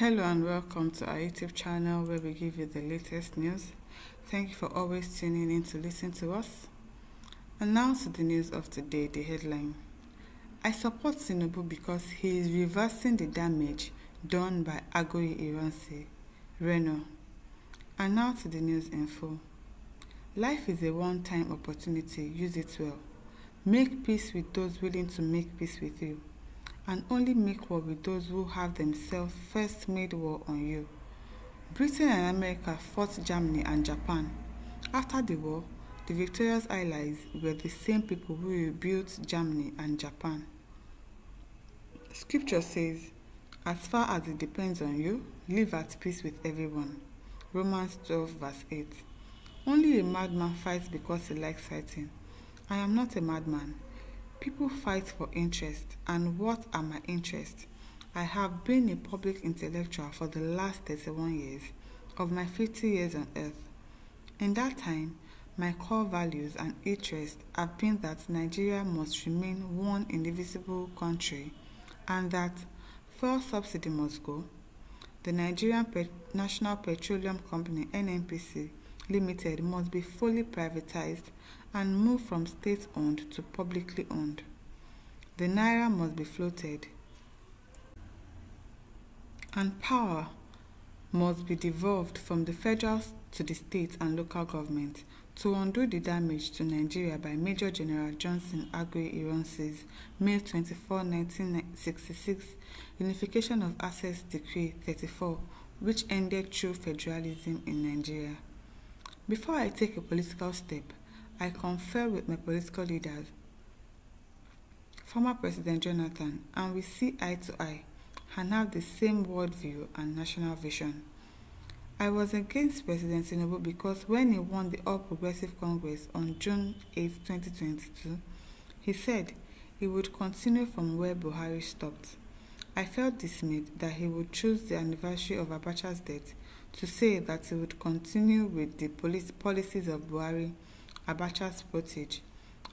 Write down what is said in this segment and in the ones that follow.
Hello and welcome to our YouTube channel where we give you the latest news. Thank you for always tuning in to listen to us. And now to the news of today, the headline. I support Sinobu because he is reversing the damage done by Agoye Iransi, Renault. And now to the news info. Life is a one-time opportunity. Use it well. Make peace with those willing to make peace with you and only make war with those who have themselves first made war on you. Britain and America fought Germany and Japan. After the war, the victorious allies were the same people who rebuilt Germany and Japan. Scripture says, As far as it depends on you, live at peace with everyone. Romans 12, verse 8. Only a madman fights because he likes fighting. I am not a madman. People fight for interest, and what are my interests? I have been a public intellectual for the last 31 years of my 50 years on earth. In that time, my core values and interests have been that Nigeria must remain one indivisible country and that fuel subsidy must go. The Nigerian Pet National Petroleum Company, NNPC, Limited must be fully privatized and moved from state-owned to publicly owned. The Naira must be floated. And power must be devolved from the federal to the state and local government to undo the damage to Nigeria by Major General Johnson Agri Ironsi's May 24, 1966 Unification of Assets Decree 34, which ended true federalism in Nigeria. Before I take a political step, I confer with my political leaders, former President Jonathan, and we see eye to eye and have the same worldview and national vision. I was against President Tinubu because when he won the All Progressive Congress on June 8, 2022, he said he would continue from where Buhari stopped. I felt dismayed that he would choose the anniversary of Abacha's death to say that he would continue with the policies of Buhari, Abacha's footage.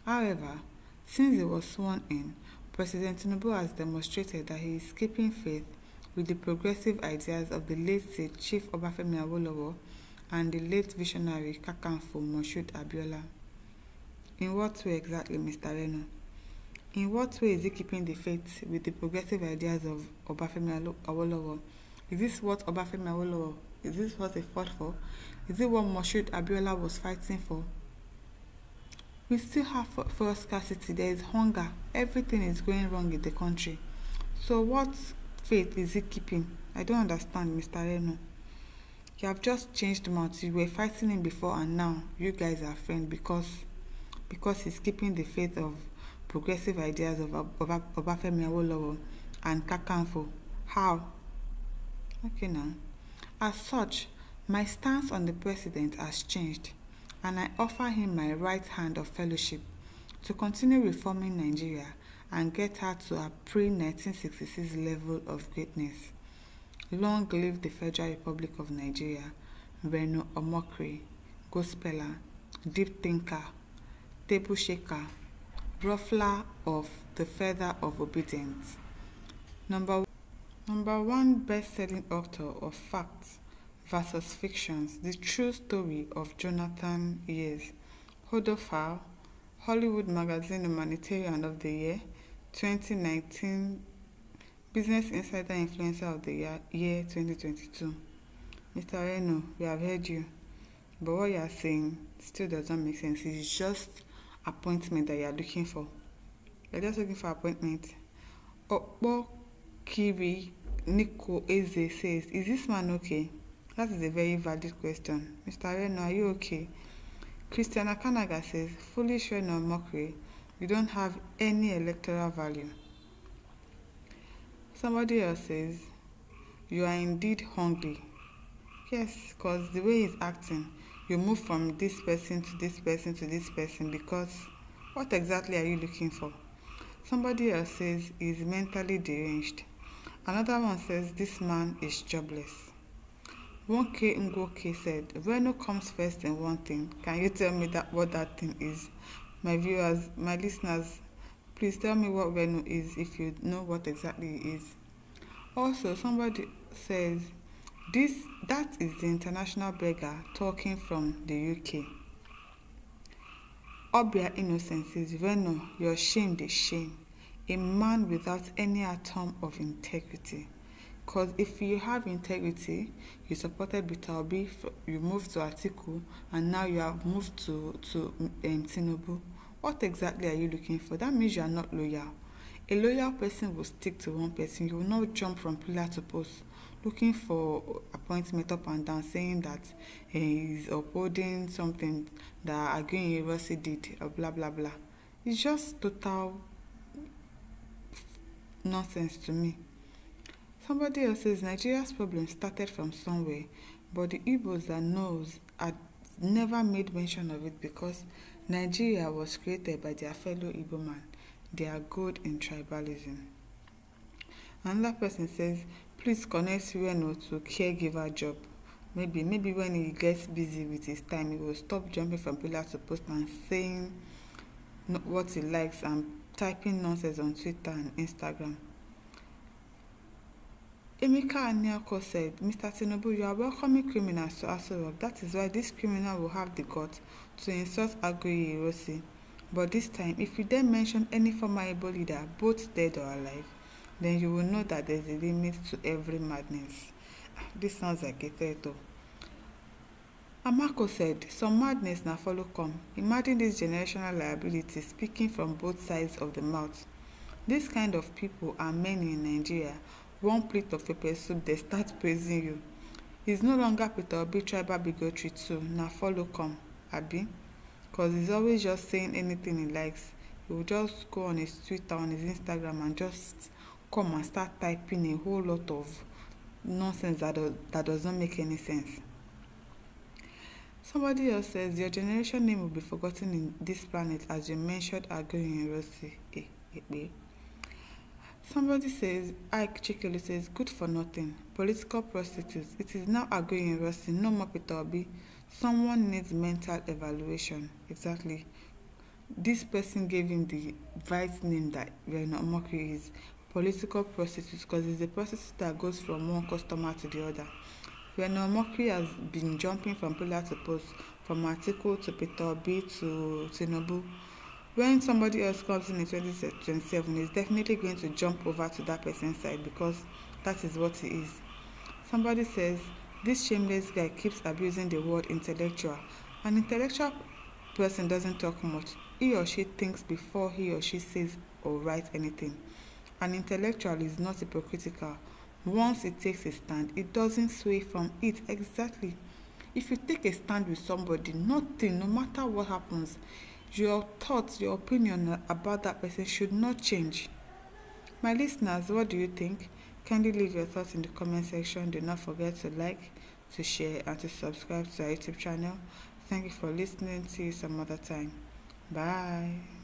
However, since he was sworn in, President Tinubu has demonstrated that he is keeping faith with the progressive ideas of the late State Chief Obafemi Awolowo and the late visionary Kakanfo Moshood Abiola. In what way exactly, Mr. Reno? In what way is he keeping the faith with the progressive ideas of Obafemi Awolowo? Is this what Obafemi Awolowo is this what they fought for? Is it what Moshood Abiola was fighting for? We still have fuel scarcity, there is hunger, everything is going wrong in the country. So what faith is he keeping? I don't understand, Mr. Reno. You have just changed mouths. You were fighting him before and now you guys are friends because because he's keeping the faith of progressive ideas of Obafemi Awolowo and Kakanfo. How? Okay now. As such, my stance on the president has changed, and I offer him my right hand of fellowship to continue reforming Nigeria and get her to a pre 1966 level of greatness. Long live the Federal Republic of Nigeria, Reno Omokri, Gospeller, Deep Thinker, Table Shaker, Ruffler of the Feather of Obedience. Number Number one best selling author of Facts versus Fictions The True Story of Jonathan Years, Hodofile, Hollywood Magazine Humanitarian of the Year, 2019 Business Insider Influencer of the Year, year 2022. Mr. Reno, we have heard you, but what you are saying still doesn't make sense. It's just appointment that you are looking for. You're just looking for appointment. Oh well, Kiwi. Nico Eze says, Is this man okay? That is a very valid question. Mr. Reno, are you okay? Christiana Kanaga says, Foolish Reno mockery. You don't have any electoral value. Somebody else says, You are indeed hungry. Yes, because the way he's acting, you move from this person to this person to this person because what exactly are you looking for? Somebody else says he's mentally deranged. Another one says, This man is jobless. 1K Ngwoke said, Reno comes first in one thing. Can you tell me that what that thing is? My viewers, my listeners, please tell me what Reno is if you know what exactly it is. Also, somebody says, this that is the international beggar talking from the UK. Obia innocence is Reno, your shame the shame a man without any atom of integrity. Because if you have integrity, you supported Bitaobi, you moved to Atiku, and now you have moved to, to um, Tinubu. What exactly are you looking for? That means you are not loyal. A loyal person will stick to one person. You will not jump from pillar to post looking for appointment up and down saying that uh, he's upholding something that Aguiyi Ironsi did, blah, blah, blah. It's just total nonsense to me. Somebody else says Nigeria's problem started from somewhere, but the Igbos that knows had never made mention of it because Nigeria was created by their fellow Igbo man. They are good in tribalism. Another person says, please connect Reno to caregiver job. Maybe, maybe when he gets busy with his time, he will stop jumping from pillar to post and saying what he likes and typing nonsense on Twitter and Instagram. Emeka Anyako said, Mr. Tinubu, you are welcoming criminals to Aso That is why this criminal will have the guts to insult Aguiyi Ironsi. But this time, if you then mention any former Igbo leader, both dead or alive, then you will know that there is a limit to every madness. Ah, this sounds like a threat, though. Amako said, some madness now follow come. Imagine this generational liability speaking from both sides of the mouth. This kind of people are many in Nigeria. One plate of pepper soup, they start praising you. It's no longer Peter Obi tribal bigotry too, now follow come, Abi. Because he's always just saying anything he likes. He will just go on his Twitter, on his Instagram and just come and start typing a whole lot of nonsense that, do that doesn't make any sense. Somebody else says your generation name will be forgotten in this planet as you mentioned Ago University. Eh, eh, eh. Somebody says, Ike Chikili says, good for nothing. Political prostitutes. It is now Ago University, no more Peter Someone needs mental evaluation. Exactly. This person gave him the vice name that Renan mocking. is, political processes, because it's a prostitute that goes from one customer to the other. Reno Mokri has been jumping from pillar to post, from article to Peter B to Tinubu. When somebody else comes in in 2027, he's definitely going to jump over to that person's side because that is what he is. Somebody says, this shameless guy keeps abusing the word intellectual. An intellectual person doesn't talk much. He or she thinks before he or she says or writes anything. An intellectual is not hypocritical once it takes a stand it doesn't sway from it exactly if you take a stand with somebody nothing no matter what happens your thoughts your opinion about that person should not change my listeners what do you think kindly leave your thoughts in the comment section do not forget to like to share and to subscribe to our youtube channel thank you for listening see you some other time bye